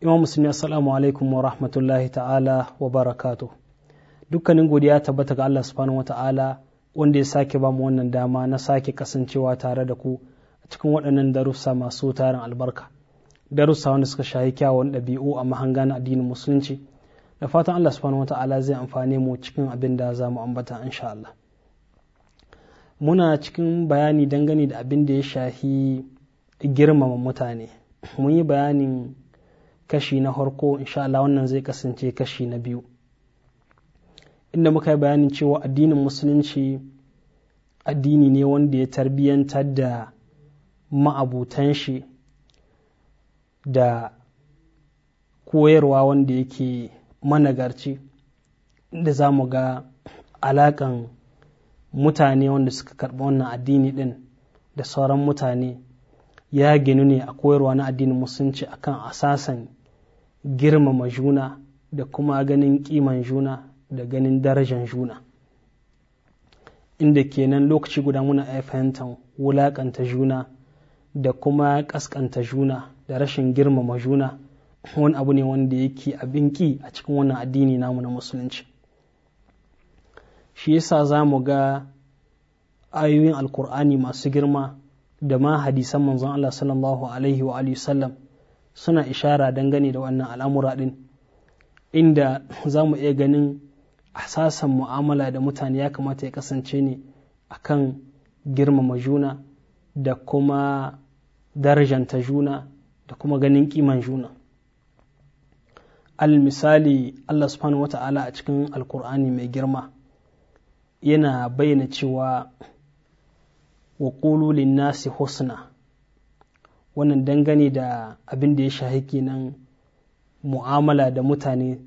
imam musulmi assalamu alaikum wa rahmatullahi ta'ala wa barakatu dukkanin godiya tabbata ga Allah subhanahu wa ta'ala wanda ya sake ba mu wannan dama na sake kasancewa tare da ku a cikin waɗannan darussa masu tarin albarka darussa wanda suka shahi kyawun ɗabi'u a mahanga na addinin musulunci da fatan Allah subhanahu wa ta'ala zai amfane mu cikin abin da za mu ambata insha Allah muna cikin bayani dangane da abin da ya shahi girmama mutane mun yi bayanin kashi na harko insha Allah wannan zai kasance kashi na biyu inda muka yi bayanin cewa addinin musulunci addini ne wanda ya tarbiyyantar da ma'abutan shi da koyarwa wanda yake managarci inda za mu ga alaƙan mutane wanda suka karɓi wannan addini ɗin da sauran mutane ya ginu ne a koyarwa na addinin musulunci akan asasan girmama juna da kuma ganin kiman juna da ganin darajan juna inda kenan lokaci guda muna iya fahimtar wulaƙanta juna da kuma ƙasƙanta juna da rashin girmama juna wani abu ne wanda yake abin ki a cikin wannan addini namu na musulunci shi yasa za mu ga ayoyin alkur'ani masu girma da ma hadisan manzon Allah sallallahu alaihi wa sallam suna ishara dangane da wannan al'amura ɗin inda za mu iya ganin asasan mu'amala da mutane ya kamata ya kasance ne akan girmama juna da kuma darajanta juna da kuma ganin kiman juna al misali Allah subhanahu wata'ala a cikin alkur'ani mai girma yana bayyana cewa wa nasi husna wannan dangane da abin da ya shahi kenan mu'amala da mutane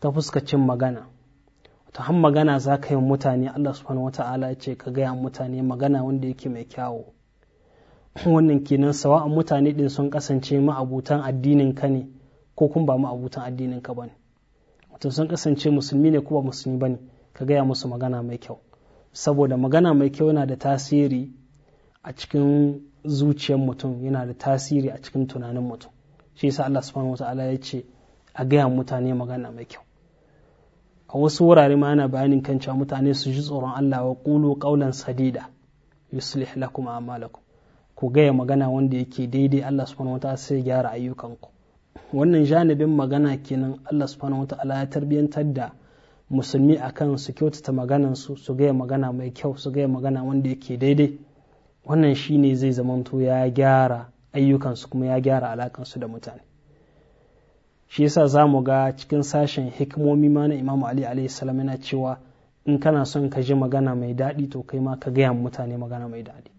ta fuska cin magana ta han magana za ka yi mutane Allah subhanahu wata'ala ce ka gaya mutane magana wanda yake mai kyawo wannan kenan sawa'an mutane din sun kasance ma'abutan addinin ka ne ko kun ba ma'abutan addinin ka bane wato sun kasance musulmi ne ko ba musulmi bane ka gaya musu magana mai kyau saboda magana mai kyau yana da tasiri a cikin zuciyar mutum yana da tasiri a cikin tunanin mutum shi yasa Allah subhanahu wata'ala ya ce a gaya mutane magana mai kyau a wasu wurare ma yana bayanin kan cewa mutane su ji tsoron Allah wa qulu qawlan sadida yuslih lakum a'malakum ku gaya magana wanda yake daidai Allah subhanahu wata'ala sai gyara ayyukanku wannan janibin magana kenan Allah subhanahu wata'ala ya tarbiyantar da musulmi akan su kyautata maganansu su gaya magana mai kyau su gaya magana wanda yake daidai wannan shine zai zamanto ya gyara ayyukansu kuma ya gyara alakansu da mutane shi yasa za mu ga cikin sashen hikimomi ma na imamu ali salam yana cewa in kana son ka ji magana mai daɗi to kai ma ka gaya mutane magana mai daɗi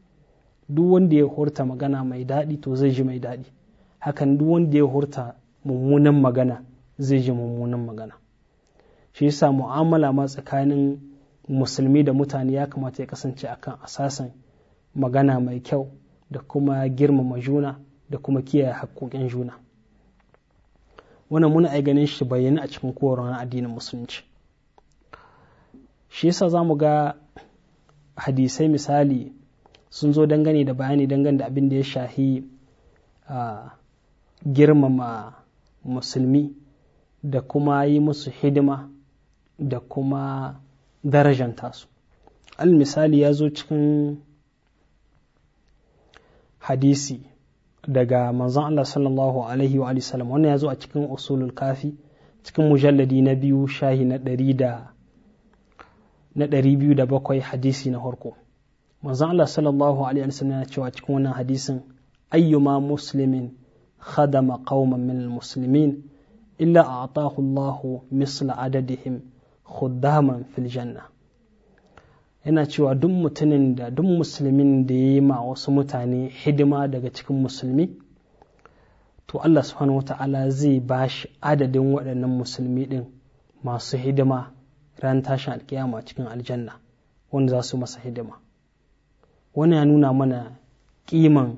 duk wanda ya hurta magana mai daɗi to zai ji mai daɗi hakan duk wanda ya hurta mummunan magana zai ji mummunan magana shi yasa mu'amala ma tsakanin musulmi da mutane ya kamata ya kasance akan asasan magana mai kyau da kuma girmama juna da kuma kiyaye haƙoƙin juna wannan muna ai ganin shi bayyana a cikin kowane addinin musulunci shi yasa za mu ga hadisai misali sun zo dangane da bayani dangane da abin da ya shahi girmama musulmi da kuma yi musu hidima da kuma darajanta su al misali ya zo cikin hadisi daga manzon Allah sallallahu alaihi wa sallam wannan ya zo a cikin usulul kafi cikin mujalladi na biyu shahi na ɗari da na ɗari biyu da bakwai hadisi na harko manzon Allah sallallahu alaihi wa sallam yana cewa cikin wannan hadisin ayyuma muslimin khadama qauman min muslimin illa a'tahu Allah misla adadihim khuddaman fil janna yana cewa duk mutumin da duk musulmin da ya yi ma wasu mutane hidima daga cikin musulmi to Allah subhanahu wata'ala zai ba shi adadin waɗannan musulmi ɗin masu hidima ran tashin alkiyama cikin aljanna wanda za su masa hidima wani ya nuna mana ƙiman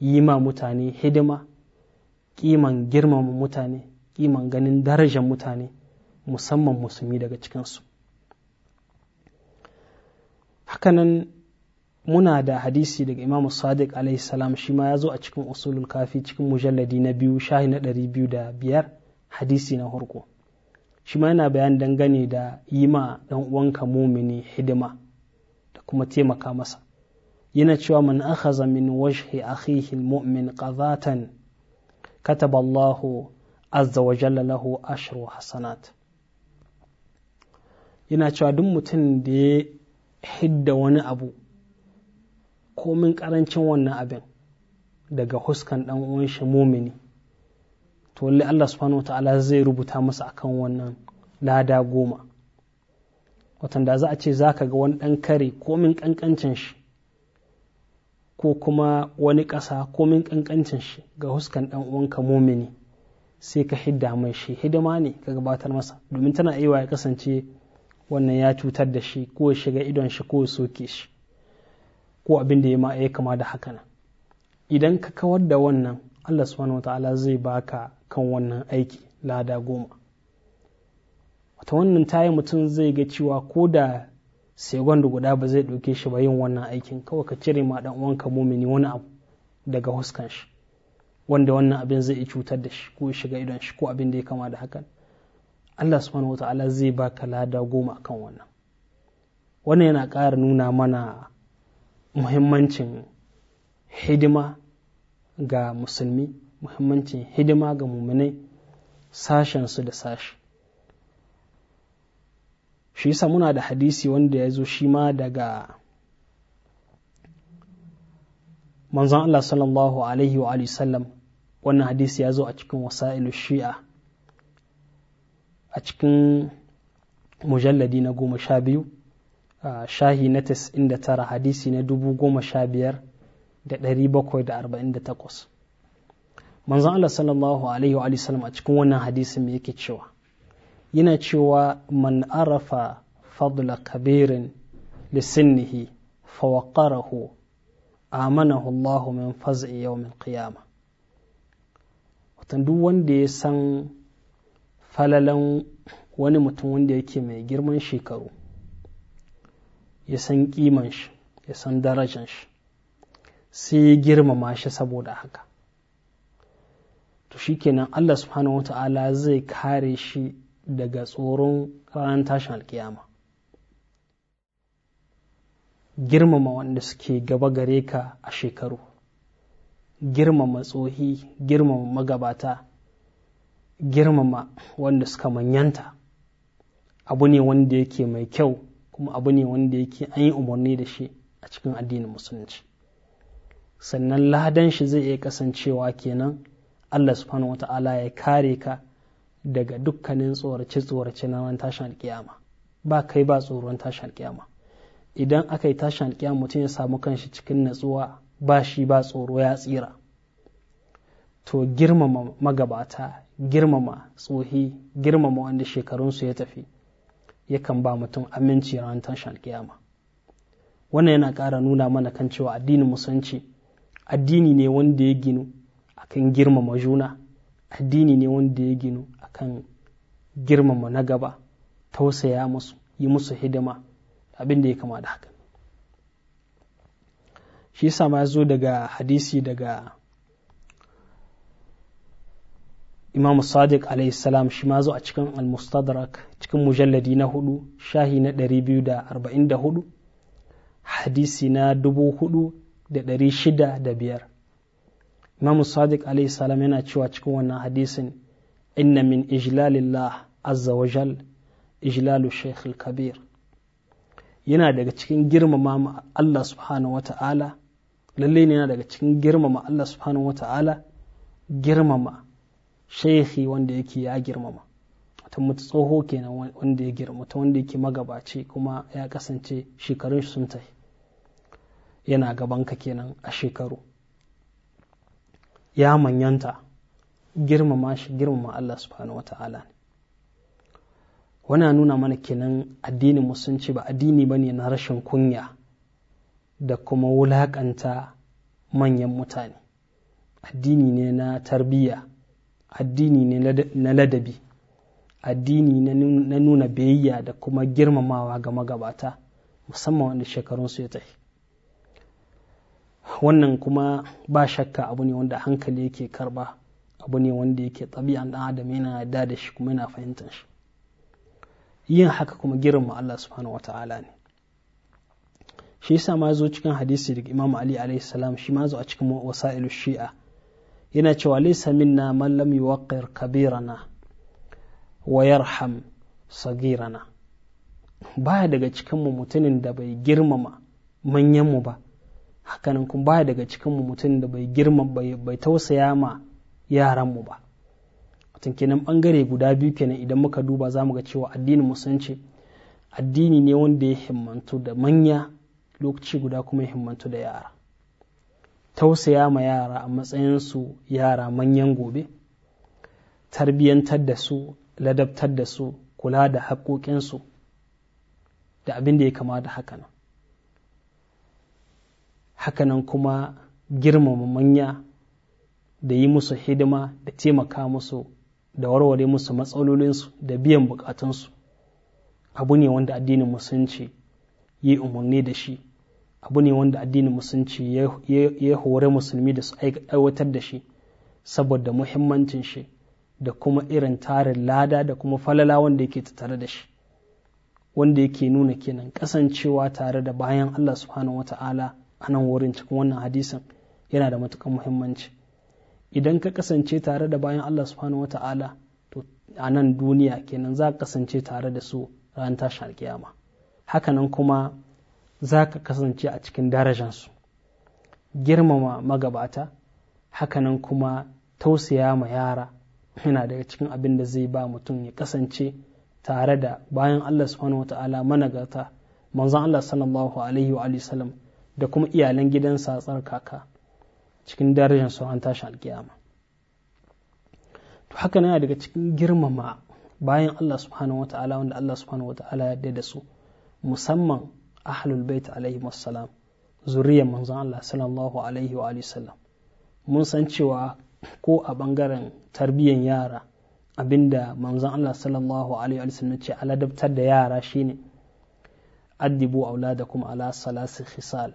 yi ma mutane hidima kiman girmama mutane kiman ganin darajar mutane musamman musulmi daga cikinsu hakanan muna da hadisi daga imam sadiq alaihi salam shi ma ya zo a cikin usulul kafi cikin mujalladi na biyu shahi na ɗari biyu da biyar hadisi na harko shi ma yana bayan dangane da yi ma ɗan uwanka mumini hidima da kuma taimaka masa yana cewa man akhaza min wajhi akhihi almu'min qadatan kataba Allahu azza wa jalla lahu ashru hasanat yana cewa duk mutum da ya hidda wani abu komin karancin wannan abin daga huskan dan uwanshi shi mumini to lalle Allah subhanahu wataala zai rubuta masa akan wannan lada goma watan da za a ce zaka ga wani dan kare komin kankancin shi ko kuma wani ƙasa komin kankancin shi ga huskan dan uwanka mumini sai ka hidda mai shi hidima ne ka gabatar masa domin tana iya kasance wannan ya cutar da shi ko shiga idon shi ko ya soke shi ko abin da ya ma ya kama da haka nan idan ka kawar da wannan Allah subhanahu ta'ala zai baka kan wannan aiki lada goma wata wannan tayi mutum zai ga cewa ko da segon guda ba zai ɗauke shi ba yin wannan aikin kawai ka cire ma dan uwanka mumini wani abu daga huskan shi wanda wannan abin zai cutar da shi ko shiga idon shi ko abin da ya kama da hakan Allah subhanahu wata'ala zai ka lada goma kan wannan wannan yana ƙara nuna mana muhimmancin hidima ga musulmi muhimmancin hidima ga muminai sashensu da sashi shi yasa muna da hadisi wanda ya zo shi ma daga manzon Allah sallallahu alaihi wa sallam wannan hadisi ya zo a cikin wasa'ilu shi'a a cikin mujalladi na goma sha biyu shahi na tas'in da tara hadisi na dubu goma sha biyar da ɗari bakwai da arba'in da takwas manzan Allah sallallahu alaihi wa sallam a cikin wannan hadisi me yake cewa yana cewa man arafa fadla kabirin lisinnihi fawakarahu amanahu Allahu min faz'i yawmin qiyama watan duk wanda ya san falalan wani mutum wanda yake mai girman shekaru ya san kiman shi ya san darajan shi sai ya girmama shi saboda haka to shikenan Allah subhanahu wa ta'ala zai kare shi daga tsoron ranar tashin alkiyama girmama wanda suke gaba gare ka a shekaru girmama tsohi girmama magabata girmama wanda suka manyanta abu ne wanda yake mai kyau kuma abu ne wanda yake an yi umarni da shi a cikin addinin musulunci sannan ladan shi zai iya kasancewa kenan Allah subhanahu wata'ala ya kare ka daga dukkanin tsorace-tsorace na wani tashin alkiyama ba kai ba tsoron tashin alkiyama idan aka yi tashin alkiyama mutum ya samu kanshi cikin natsuwa ba shi ba tsoro ya tsira to girmama magabata girmama tsohi girmama wanda shekarunsu ya tafi yakan ba mutum aminci ranar tashin kiyama. wannan yana ƙara nuna mana kan cewa addinin musulunci addini ne wanda ya ginu akan girmama juna addini ne wanda ya ginu akan girmama na gaba tausaya musu yi musu hidima abin da ya kama da haka shi yasa ma zo daga hadisi daga imam sadiq alaihissalam shi ma zo a cikin al-mustadrak cikin mujalladi na hudu shahi na 244 hadisi na 4605 imam sadiq alaihissalam yana cewa cikin wannan hadisin inna min ijlalillah azza wa jal ijlalu shaykh al-kabir yana daga cikin girmama Allah subhanahu wa ta'ala lalle ne yana daga cikin girmama Allah subhanahu wa ta'ala girmama shehi wanda yake ya girmama ta mutu tsoho kenan wanda ya girma ta wanda yake magabaci kuma ya kasance shekarun sun ta yana gabanka kenan a shekaru ya manyanta girmama shi girmama Allah subhanahu wa ta'ala wana nuna mana kenan addinin musulunci ba addini ba ne na rashin kunya da kuma wulaƙanta manyan mutane addini ne na tarbiyya addini ne na ladabi addini na nuna biyayya da kuma girmamawa ga magabata musamman wanda shekarunsu ya tafi wannan kuma ba shakka abu ne wanda hankali yake karba abu ne wanda yake ɗabi'an ɗan adam yana yada da shi kuma yana fahimtar shi yin haka kuma girma Allah subhanahu wa ta'ala ne shi yasa ma zo cikin hadisi daga Imam Ali alaihi salam shi ma zo a cikin wasailu shi'a yana cewa laysa minna man lam yuwaqqir kabirana wa yarham sagirana baya daga cikinmu mutumin da bai girmama manyanmu ba hakanan kuma baya daga cikinmu mutumin da bai girmama bai tausaya ma yaran mu ba mutum kenan bangare guda biyu kenan idan muka duba za mu ga cewa addinin musulunci addini ne wanda ya himmantu da manya lokaci guda kuma ya himmantu da yara tausaya ma yara a matsayinsu yara manyan gobe tarbiyyantar da su ladabtar da su kula da haƙoƙinsu da abin da ya kama da hakanan hakanan kuma girmama manya da yi musu hidima da taimaka musu da warware musu matsalolinsu da biyan bukatunsu abu ne wanda addinin musulunci yi umarni da shi abu ne wanda addinin musulunci ya hore musulmi da su aiwatar da shi saboda muhimmancin shi da kuma irin tarin lada da kuma falala wanda yake tattare da shi wanda yake nuna kenan kasancewa tare da bayan Allah subhanahu ta'ala) a nan wurin cikin wannan hadisin yana da matukan muhimmanci idan ka kasance tare da bayan Allah subhanahu ta'ala to a nan duniya kenan za ka kasance tare da su ran tashin alkiyama hakanan kuma za ka kasance a cikin darajansu girmama magabata hakanan kuma tausaya ma yara yana daga cikin abin da zai ba mutum ya kasance tare da bayan Allah subhanahu wata'ala managarta manzon Allah sallallahu alaihi wa sallam da kuma iyalan gidansa tsarkaka cikin darajar su an tashi alkiyama to haka na daga cikin girmama bayan Allah subhanahu wata'ala wanda Allah subhanahu wata'ala ya da su musamman ahlul bait alaihi wassalam zuriyar manzon Allah sallallahu alaihi wa sallam mun san cewa ko a bangaren tarbiyyar yara abinda manzon Allah sallallahu alaihi wa sallam ce aladabtar da yara shine addibu auladakum ala salasi khisal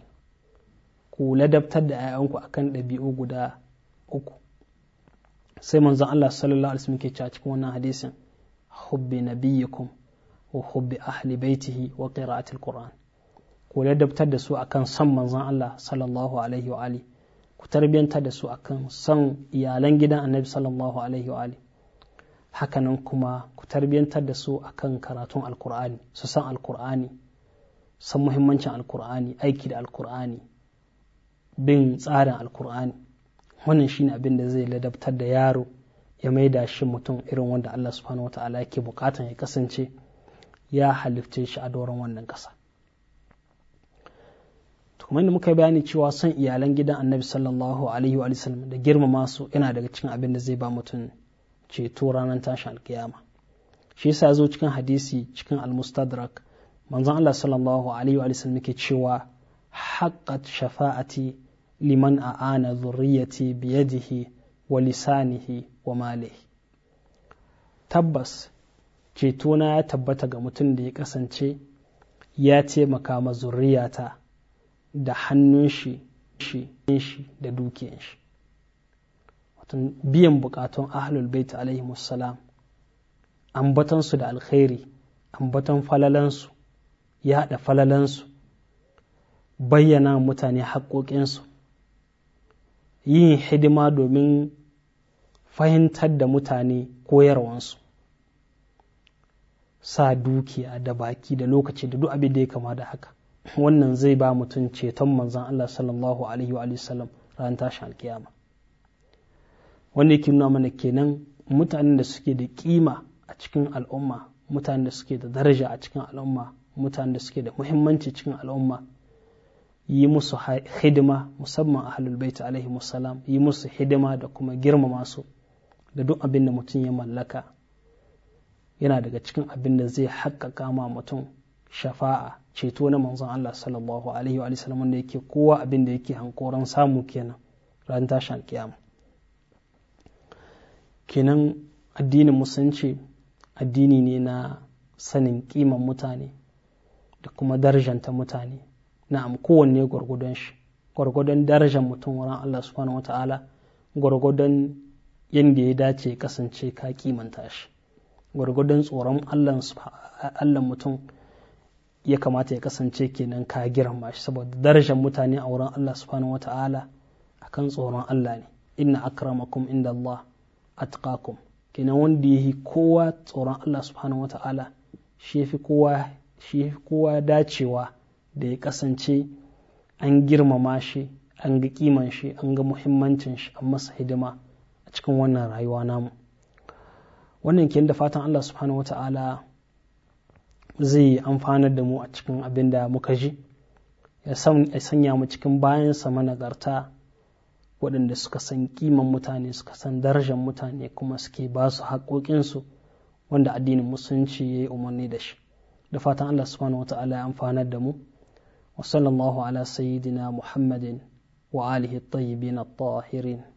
ku ladabtar da 'ya'yanku akan ɗabi'u guda uku sai manzon Allah sallallahu alaihi wasallam ke cewa cikin wannan hadisin hubbi nabiyyikum wa hubbi ahli baitihi wa qira'atil qur'an ku ladabtar da su akan son manzon Allah sallallahu alaihi wa ali ku tarbiyantar da su akan son iyalan gidan annabi sallallahu alaihi wa ali hakanan kuma ku tarbiyantar da su akan karatun alkur'ani su san alkur'ani san muhimmancin alkur'ani aiki da alkur'ani bin tsarin alkur'ani wannan shine abin da zai ladabtar da yaro ya maida shi mutum irin wanda Allah subhanahu ta'ala yake bukatan ya kasance ya halitce shi a doron wannan ƙasa to kuma inda muka bayani cewa son iyalan gidan annabi sallallahu alaihi wa sallam da girmama su yana daga cikin abin da zai ba mutum ceto ranar tashin alkiyama shi yasa zo cikin hadisi cikin almustadrak manzon Allah sallallahu alaihi wa sallam yake cewa haqqat shafa'ati liman a'ana zurriyati biyadihi wa lisanihi wa malihi tabbas ceto na ya tabbata ga mutum da ya kasance ya taimaka ma zurriyata da hannun shi shi da dukiyan shi watan biyan bukatun ahlul bait alaihi ambatan ambatansu da alkhairi ambatan falalansu yaɗa su bayyana mutane haƙoƙinsu yin hidima domin fahimtar da mutane koyarwansu sa dukiya da baki da lokaci da duk abin da ya kama da haka wannan zai ba mutum ceton manzan Allah sallallahu alaihi wa sallam ran tashin alkiyama wanda yake nuna mana kenan mutanen da suke da kima a cikin al'umma mutanen da suke da daraja a cikin al'umma mutanen da suke da muhimmanci cikin al'umma yi musu hidima musamman ahlul bait alaihi musallam yi musu hidima da kuma girmama su da duk abin da mutum ya mallaka yana daga cikin abin da zai haƙƙaƙa ma mutum shafa'a ceto na manzon Allah sallallahu alaihi wa sallam wanda yake kowa abin da yake hankoran samu kenan ran tashin kiyama kenan addinin musulunci addini ne na sanin kiman mutane da kuma darajanta mutane na'am kowanne gwargwadon shi gwargwadon darajar mutum wurin Allah subhanahu wata'ala gwargwadon yadda ya dace kasance ka kimanta shi gwargwadon tsoron Allah mutum ya kamata ya kasance kenan ka girma shi saboda darajar mutane a wurin Allah subhanahu A kan tsoron Allah ne inna akramakum inda Allah atqakum kenan wanda yi kowa tsoron Allah subhanahu wa shi kowa shi fi kowa dacewa da ya kasance an girmama shi an ga kiman shi an ga muhimmancin shi an masa hidima a cikin wannan rayuwa namu wannan kenan da fatan Allah subhanahu ta'ala zai amfanar da mu a cikin abin da muka ji ya sanya mu cikin bayansa managarta waɗanda suka san kiman mutane suka san darajar mutane kuma suke ba su haƙoƙinsu wanda addinin musulunci ya yi umarni da shi da fatan Allah subhanahu wa ta'ala ya amfanar da mu wa ala sayyidina muhammadin wa alihi tayyibin at-tahirin